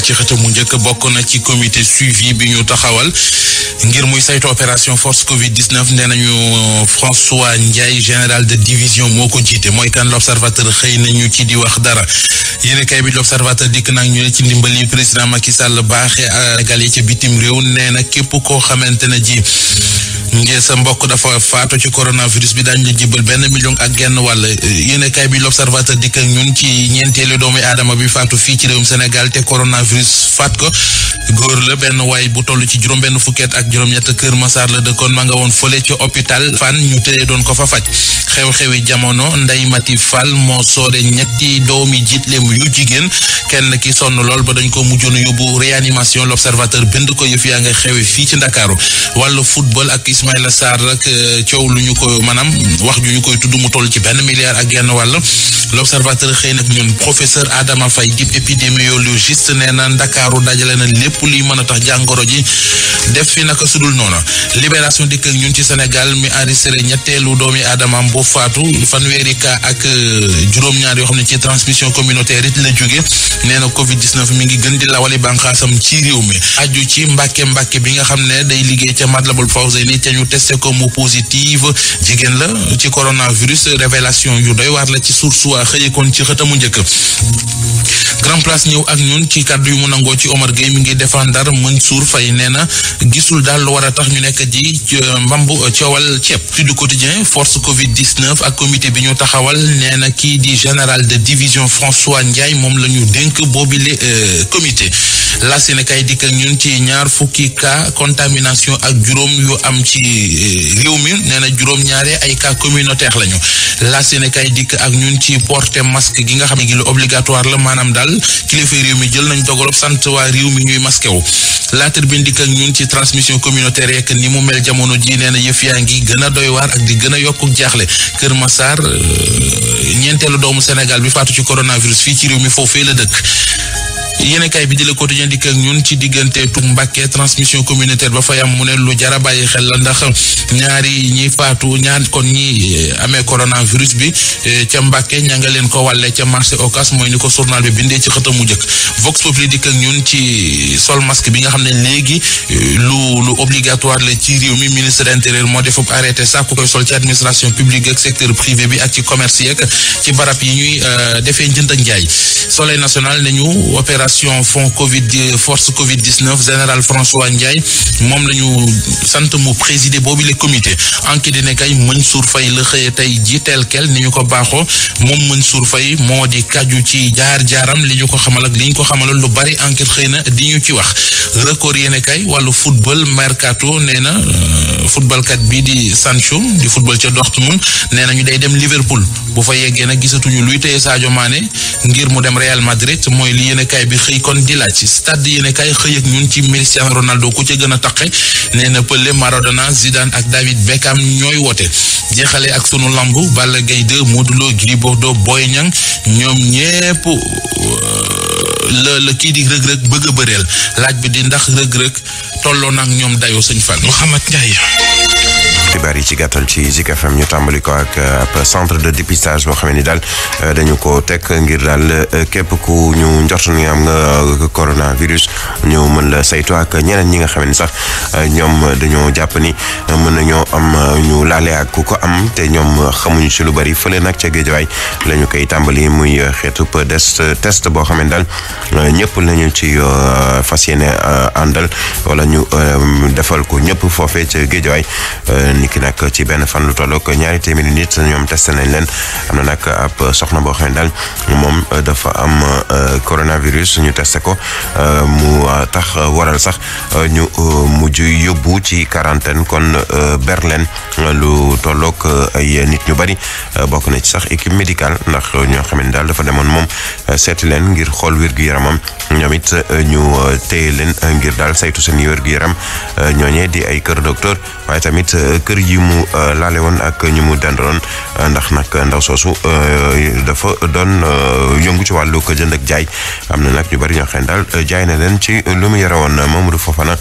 ci xëtam mu njëkk bokk na ci comité suivi bi ñu taxawal ngir muy saytu opération force Covid 19 nee nañu François Ndiaye général de division moo ko jiite mooy kan l'observateur xëy nañu ci di wax dara yéen kay bi l'observateur dikk nag ñu ne ci ndimbali président Macky Sall baaxee Sénégal yi ca bitim réew nee na képp koo xamante na ji. ngee sa mbokk dafa faatu ci coronavirus bi daañu la jibal benn million ak genn wàll yéene kay bi l'observateur dikk ak ñun ci ñeenteelu doomu aadama bi faatu fii ci réew Sénégal te coronavirus faat ko góor la benn waay bu toll ci juróom benn fukkeet ak juróom-ñett Kër Masaar la dëkkoon ma nga woon fële ci hôpital Fann ñu tëree doon ko fa faj xew-xewi jamono Ndeye Mati Fall moo soore ñetti doomi jiitlem yu jigéen kenn ki sonn lool ba dañ ko mujjoon yóbbu réanimation l'observateur bind ko yëf yaa nga xewe fii ci Ndakaaru wàllu football ak Ismaïla Sarr rek euh, coow lu ñu ko maanaam wax ju ñu koy tudd mu toll ci benn milliard ak genn wàll l'observateur ndakaaru dajale na lépp luy mën a tax jàngoro ji def fi naka sudul noona libération dikk ak ñun ci senegal mi enregistré ñetteelu doomi aadamaam boo faatu fanweeri cas ak euh, juróom-ñaar yoo xam ne ci transmission communautaire it la jóge nee na covid 19 mi ngi gën di lawali bànqaasam ci réew mi aju ci mbàkke mbàkke bi nga xam ne day liggéey ca Matlabul Fawzayni ca ñu testé ko mu positive jigéen la ci coronavirus révélation yu doy waar la ci source waa xëyekoon ci xëtamu njëkk grand place ñëw ak ñun ci kàddu yu mu nangoo ci Omar Gueye mi ngi défendre Mansour Faye nee na gisul daal lu war a tax ñu nekk di euh, mbambu euh, coowal ceeb ci du quotidien force Covid 19 ak comité bi ñu taxawal nee na kii di général de division François Ndiaye moom la ñu dénk boobile euh, comité. la Sénégal dikk ak ñun ci ñaar fukki cas contamination ak juróom yu am ci eh, réew mi nee na juróom-ñaare ay cas communautaire lañu la Sénégal dikk ak ñun ci porte masque gi nga xam ne gi lu obligatoire la maanaam daal kilifa réew mi jël nañ dogal sant waa réew mi ñuy masqué wu. la Tribune dikk ak ñun ci transmission communautaire yeek ni mu mel jamono ji nee na yëf yaa ngi gën a doy waar ak di gën a yokku jaaxle Kër Massar eh, ñeenteelu doomu Sénégal bi faatu ci coronavirus fii ci réew mi foofee la dëkk. yéenekaay bi di Le Quotidien dikk ak ñun ci diggante Tuk Mbàkke transmission communautaire ba fay am mu ne lu jara bàyyi xel la ndax ñaari ñi faatu ñaar kon ñi eh, amee coronavirus bi eh, ca Mbàkke ña nga leen ko wàlle ca marché Ocass mooy ni ko journal bi bindee ci xëtam mu njëkk Vox Populi dikk ak ñun ci sol masque bi nga xam ne léegi eh, lu lu obligatoire la ci réew mi ministre intérieur moo def arrêté sax ku koy sol ci administration publique ak secteur privé bi ak commerce yeeg ci barab yi ñuy defee njënd ak njaay coordination fonds Covid force Covid 19 général François Ndiaye moom la ñu sant mu présider boobu le comité enquête ne kay Mansour Faye la xëyee moo di kaju ci jaar-jaaram li ko xamal ak li ñu ko xamaloon lu bari enquête xëy na di ñu ci wax record yéene kay wàllu football mercato nee na euh, footballkat na ñu day dem Liverpool bu fa yeggee nag gisatuñu luy téye Sadio Mané ngir mu dem Real Madrid mooy li yéene kay bi di xëy kon di laaj stade yéen kay xëy ak ñun ci Cristiano Ronaldo ku ci gën a taqe nee na Pelé Maradona Zidane ak David Beckham ñooy woote jeexale ak sunu lamb bala Gaye 2 Modou Lo Gris Bordeaux Boy Niang ñoom ñépp euh, la la kii di rëg-rëg bëgg a bëreel laaj bi di ndax rëg-rëg tolloo nag ñoom dayoo sëñ Fall Mouhamed Ndiaye xibaar yi ci gàttal ci Zik FM ñu tàmbali ko ak euh, ab centre de dépistage boo xam ne daal euh, dañu ko teg ngir daal euh, képp ku ñu njort ni am nga coronavirus ñu mën la saytu ak ñeneen ñi nga xam ne sax ñoom dañoo jàpp ni mën nañoo am ñu laale ak ku ko am te ñoom xamuñu si lu bari fële nag ca géejawaay la ñu koy tàmbali muy xeetu des test boo xam ne daal ñëpp lañu ci fas yéene àndal wala ñu defal ko ñëpp foofee ca géejawaay leneen ki nag ci benn fan lu tollook ñaari téeméeri nit ñoom testé nañ leen am na nag ab soxna boo xam ne daal moom dafa am euh, coronavirus ñu testé ko euh, mu tax waral sax ñu euh, mujj yóbbu ci quarantaine kon Berlin lu tollook ay nit ñu bari bokk na ci sax équipe médicale ndax ñoo xam ne daal dafa demoon moom seeti leen ngir xool wér-gu-yaramam ñoom it ñu téye leen ngir daal saytu seen wér-gu-yaram ñooñee di ay kër docteur waaye tamit kër yi mu euh, laale woon ak ñi mu dendaloon euh, ndax nag ndaw soosu euh, dafa doon yëngu ci wàllu ko jënd ak jaay am na nag ñu bari ñoo xam daal jaay ne leen ci lu mu yore woon Mamadou Fofana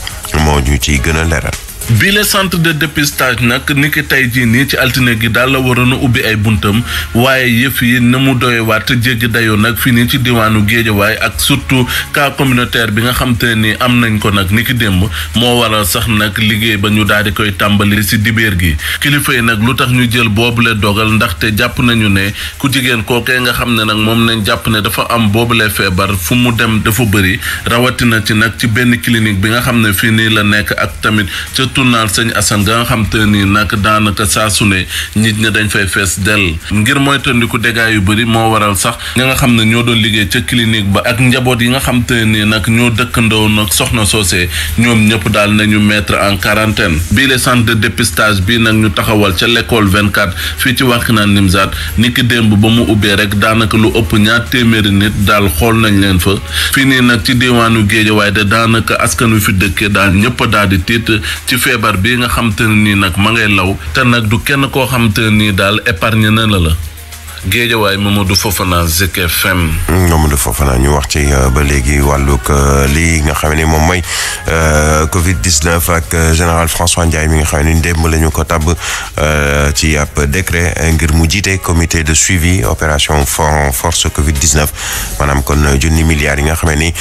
moo ñu ci gën a leeral bile centre de dépistage nag ni ki tey jii nii ci altine gi daal la waroon a ubbi ay buntam waaye yëf yi na mu doy waat jéggi dayoo nag fii nii ci diwaanu Géejawaay ak surtout cas communautaire bi nga xam te ni am nañ ko nag ni ki démb moo waral sax nag liggéey ba ñu daal di koy tàmbali si dibéer gi kilifa yi nag lu tax ñu jël boobule dogal ndaxte jàpp nañu ne ku jigéen kookee nga xam ne nag moom nañ jàpp ne dafa am boobule feebar fu mu dem dafa bëri rawatina ci nag ci benn clinique bi nga xam ne fii nii la nekk ak tamit tournal sëñ Assane nga nga xam te ni nag daanaka saa su ne nit ña dañ fay fees dell ngir moytandiku dégâts yu bëri moo waral sax ña nga xam ne ñoo doon liggéey ca kilinik ba ak njaboot yi nga xam te ni nag ñoo dëkkandoo nag soxna soosee ñoom ñëpp daal nañu metre en quarantaine bii le centre de dépistage bii nag ñu taxawal ca l'école 24 fii ci Wakhinane Nimzaat ni ki démb ba mu ubbee rek daanaka lu ëpp ñaar téeméeri nit daal xool nañ leen fa fii nii nag ci diiwaanu Géejawaay de daanaka askan wi fi dëkkee daal feebar bi nga xam te nii nag ma ngay law te nag du kenn koo xam te nii daal épargne na la moom Géejawaay Mamadou Fofana Zik FM. du Fofana ñu wax ci euh, ba léegi wàllug euh, li nga xam ni moom mooy euh, Covid 19 ak général François Ndiaye mi nga xam ne démb la ñu ko tabb ci ab décret ngir mu jiite comité de suivi opération force Covid 19 maanaam kon junni milliards yi nga xam ne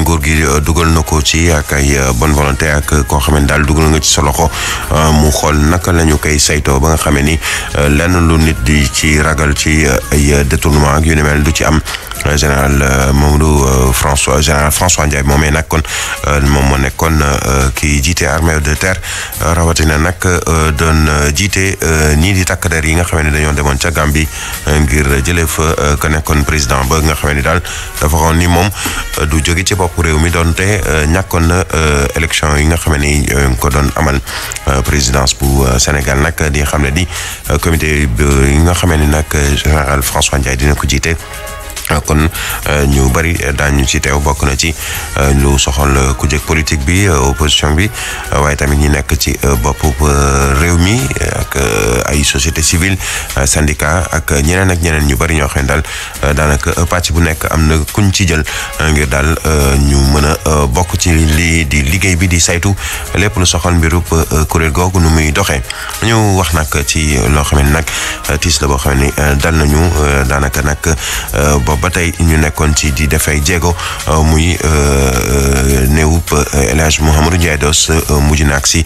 nguur gi dugal na ko ci ak ay bonne volonté ak koo xam ne daal dugal nga ci sa loxo mu xool naka lañu kay koy saytoo ba nga xam ne len lu nit di ci ragal ci. ay détournement ak yu ne mel du ci am général euh, moom lu euh, François général François Ndiaye moomee nag kon euh, moom moo nekkoon kii jiite armée de terre rawatina nag doon jiite ñii di takk der yi nga xam ne dañoo demoon ca Gambie ngir jëlee fa ka nekkoon président ba nga xam ne daal dafa xoon ni moom du jóge ci bopp réew mi doonte ñàkkoon na élection yi nga xam ni ko doon amal présidence bu Sénégal nag di xam ne di comité yi nga xam ni nag général François Ndiaye dina ko jiite. Euh, kon euh, ñu bari euh, daañu ci teew bokk na ci lu soxal ku jëkk politique bi opposition bi waaye tamit ñi nekk ci bopp réew mi ak ay société civile syndicat ak ñeneen ak ñeneen ñu bari ñoo xam ne daal daanaka pàcc bu nekk am na kuñ ci jël ngir daal ñu mën a bokk ci li di liggéey bi di saytu lépp lu soxal mbirub kuréel googu nu muy doxee ñu wax nag ci loo xam ne nag tiis la boo xam ni dal nañu daanaka nag boobu ba tey ñu nekkoon ci di dafay jéego euh, muy euh, euh, néewub El Hadj Mouhamadou Ndiaye mujj na ak si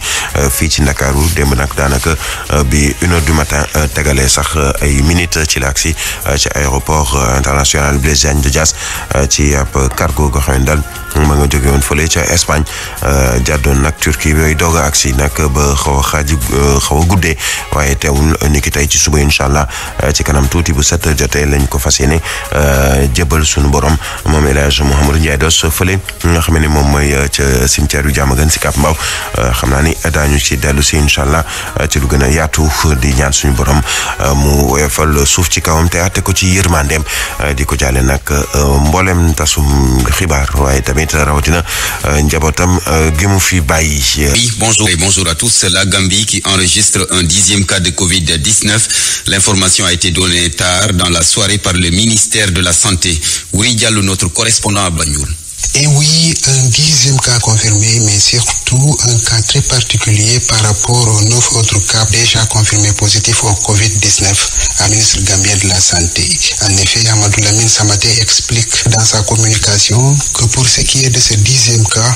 fii ci Ndakaaru démb nag daanaka bi une heure du matin tegale sax ay minutes ci la ak si ci aéroport international Blaise Diagne de Diass ci ab cargo go xam ma nga jóge woon fële ca Espagne euh, jàddoon nag Turquie yooyu doog a agsi nag ba xaw xaaji euh, xaw a guddee waaye teewul niki tey ci suba incha allah euh, ci kanam tuuti bu set jotee lañ ko fas yéene jëbal sunu borom moom El Hadj Mouhamadou Ndiaye Doss fële xam ne moom mooy ca cimetière yu Diamaguène si Cap Mbao xam naa ni daañu ci dellu si incha allah ci lu gën a yaatu di ñaan suñu borom mu woyofal suuf ci kawam te àtte ko ci yërmandeem di ko jaale nag mboolem tasum xibaar waaye tamit. tamit rawatina euh, njabootam euh, gi mu fi bàyyi. oui bonjour et bonjour à tous la Gambie qui enregistre un dixième cas ministère de la santé Wuri Diallo notre Et oui, un cas confirmé, mais surtout un cas très particulier par rapport aux neuf autres cas déjà confirmés positifs au Covid-19 à ministre la Santé. En effet, Amadou Lamine Samaté sa communication pour ce qui est de ce dixième cas,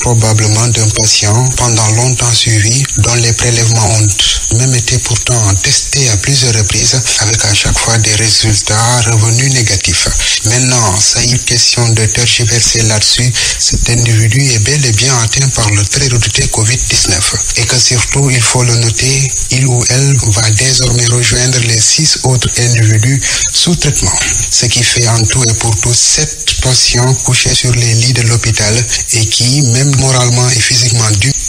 probablement d'un patient pendant dont les prélèvements ont même été pourtant testés à plusieurs reprises avec à chaque fois des résultats revenus négatifs. Maintenant, sa y question de tergiverser là-dessus. Cet individu est bel et bien atteint par le très redouté Covid-19 et que surtout, il faut le noter, il ou elle va désormais rejoindre les six autres individus sous traitement, ce qui fait en tout et pour tout sept patients sur les lits de l'hôpital et qui, même moralement et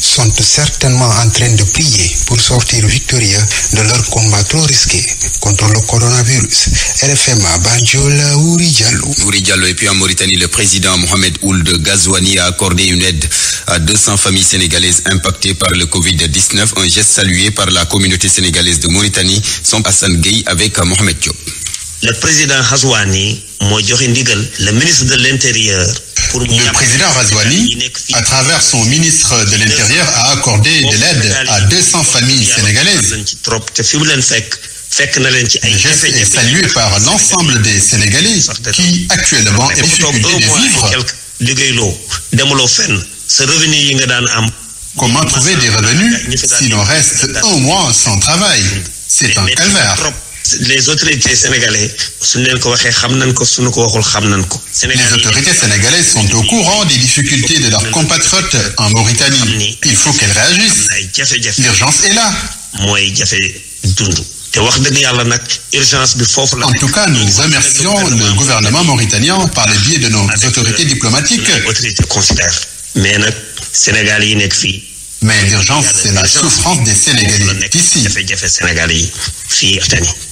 sont certainement en train de prier pour sortir victorieux de leur combat trop risqué contre le coronavirus. RFM à Banjul, Ouri et puis en Mauritanie, le président Mohamed Ould Ghazouani a accordé une aide à 200 familles sénégalaises impactées par le Covid-19, un geste salué par la communauté sénégalaise de Mauritanie, son Hassan Gueye avec Mohamed Diop. Le président Ghazouani moo joxe ndigal le ministre de l'Intérieur Le président Razouani, à travers son ministre de l'Intérieur, a accordé de l'aide à 200 familles sénégalaises. Le geste est salué par l'ensemble des Sénégalais qui actuellement est difficulté de vivre. Comment trouver des revenus si l'on reste un mois sans travail C'est un calvaire. les autorités sénégalaises suñ leen ko waxee xam nañ ko suñu ko waxul xam nañ ko. les autorités sénégalaises sont au courant des difficultés de leurs compatriotes en Mauritanie. il faut qu'elles réagissent. l'urgence est là. jafe dund. te wax dëgg yàlla nag urgence bi foofu la. en tout cas nous remercions le gouvernement mauritanien par le biais de nos autorités euh, diplomatiques. autorités consulaires. mais nag Sénégal yi nekk fii. mais l'urgence c'est la souffrance des Sénégalais d'ici. jafe-jafe Sénégal yi fii